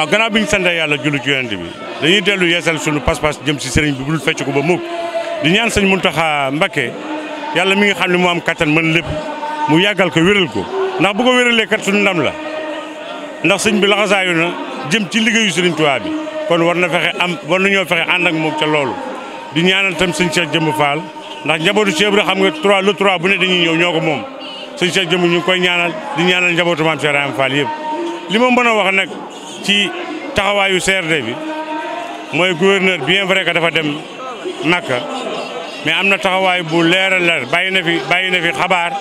waaw gannaaw bi ñu sant yàlla julli ci yonent bi dañuy dellu yeesal sunu pas jëm si sëriñ bi bul fecc ko ba mukk di ñaan sëñ Muntaxa Mbakke yàlla mi ngi xam mu moo am kattan mën lépp mu yàggal ko wéral ko ndax bu ko wéralee kat suñu ndam la ndax sëñ bi laxasaayu na jëm ci liggéeyu sëriñ Tuubaa bi kon war na fexe am war nañoo fexe ànd ak moom ca loolu di ñaanal tam sëñ Cheikh Jëmb Fall ndax njabootu Cheikh Ibra xam nga 3 le 3 bu ne dañuy ñëw ñoo ko moom sëñ Cheikh Jëmb ñu koy ñaanal di ñaanal njabootu maam Cheikh Rahim yëpp ci taxawaayu CRD bi mooy gouverneur bien vrai que dafa dem Makka mais am na taxawaay bu leer bàyyi na fi bàyyi na fi xabaar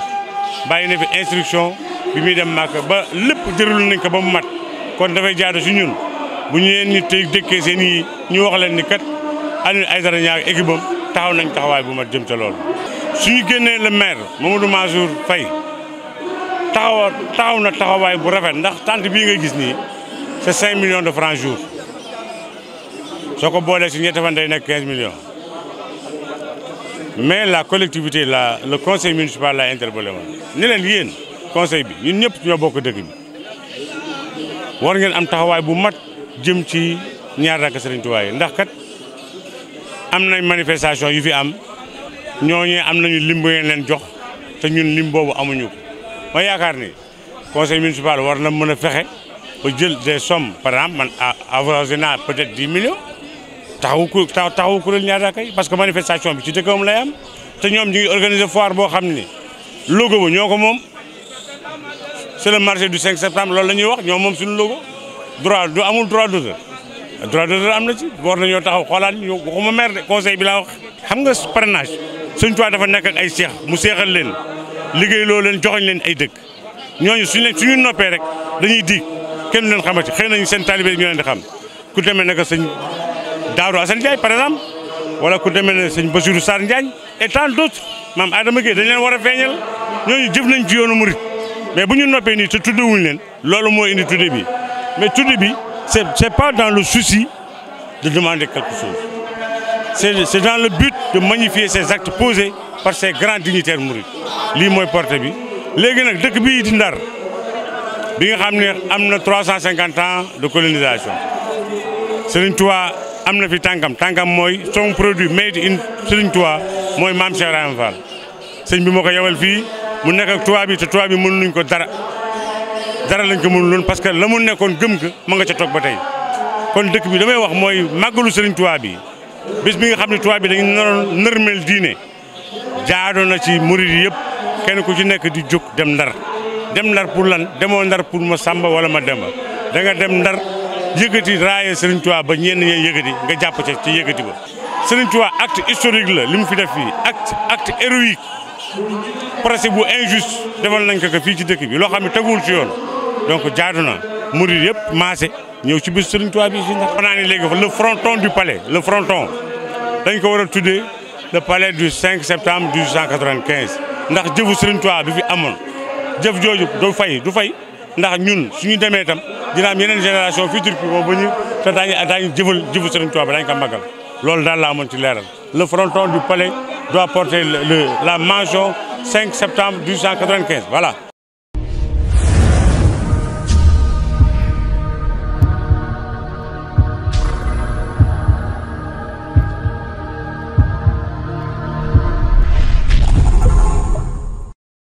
bàyyi na fi instruction bi muy dem Makka ba lépp jërul nañ ko ba mu mat kon dafay jaadu si ñun bu ñu leen ni tey dëkkee seen yi ñu wax leen ni kat Alioune Aïdara Niang ak équipe taxaw nañ taxawaay bu mat jëm ca loolu. suñu génnee le maire Mamadou Mansour Faye taxaw taxaw na taxawaay bu rafet ndax tànt bii nga gis nii. c'est 5 millions de francs jour soo ko boolee si ñetti fan day nekk 15 millions mais la collectivité la le conseil municipal la interpellé woon ni leen yéen conseil bi ñun ñëpp ñoo bokk dëkk bi war ngeen am taxawaay bu mat jëm ci ñaar rakk Serigne Touba yi ndax kat am nañ manifestation yu fi am ñooñu am nañu lim leen jox te ñun lim boobu amuñu ko ma yaakaar ni conseil municipal war na mën a fexe. ba jël par exemple man avancer naa peut-être dix millions taxawu ku taxawu kuréel ñaari raaka parce que manifestation bi ci dëkkam lay am te ñoom ñu ngi organiser boo xam ne logo ba ñoo ko moom c'est le marché du 5 septembre loolu la ñuy wax ñoom moom suñu logo droit du amul droit d'auteur droit d'auteur am na ci war nañoo taxaw xoolaat ñu waxuma maire de conseil bi laa wax. xam nga parrainage Sëñ Tuubaa dafa nekk ak ay seex mu seexal leen liggéey loo leen joxoñ leen ay dëkk ñooñu suñu rek dañuy diig. kenn du leen xamati xëy nañu seen taalibe ñu leen di xam ku demee nag sëñ Daaru Assane Ndiaye par exemple wala ku demee ne sëñ Bassirou Sarr Ndiagne et tant d'autres maam Adama Gueye dañ leen war a feeñal ñooñu jëf nañ ci yoonu murit mais bu ñu noppee nii te wul leen loolu mooy indi tudde bi mais tudde bi c'est c'est pas dans le souci de demande quelque chose c'est c'est dans le but de magnifier ces actes posés par ces grands dignitaires mourides lii mooy porte bi léegi nag dëkk bii di Ndar bi nga xam ne am na 350 ans de colonisation Serigne Touba am na fi tàngam tànkam mooy son produit made in Serigne Touba mooy maam Cheikh Ibrahima Fall sëñ bi moo ko yewal fii mu nekk ak bi te tubaab bi mënuñ ko dara dara lañ ko mënuloon parce que la mu nekkoon gëm ka ma nga ca toog ba tey kon dëkk bi damay wax mooy màggalu sëriñ Touba bi bis bi nga xam ne tubaab bi dañu nër nërmel diine jaadoon na ci murid yëpp kenn ku ci nekk di jóg dem ndar. dem ndar pour lan demoo ndar pour ma sàmba wala ma demba da nga dem ndar yëkkati raaya Serigne Touba ba ñenn ñee yëkkati nga jàpp ca ci yëkkati ba Serigne Touba acte historique la li mu fi def fii acte acte héroïque procès bu injuste defal nañ ko ko fii ci dëkk bi loo xam ne teguwul ci yoon donc jaadu na murid yëpp maase ñëw ci bis Serigne Touba bi ci ndar xanaa ne léegi le fronton du palais le fronton dañ ko war a tuddee le palais du 5 septembre 1895 ndax jëfu Serigne Touba bi fi amoon jëf jooju du fay du fay ndax ñun suñu demee tam dina am yeneen génération future bi boobu ñu te daañ daañu jëfal jëfu Serigne Touba bi daañu ko màggal loolu daal laa mën ci leeral. le fronton du palais doit porter le la mention 5 septembre 1895 voilà.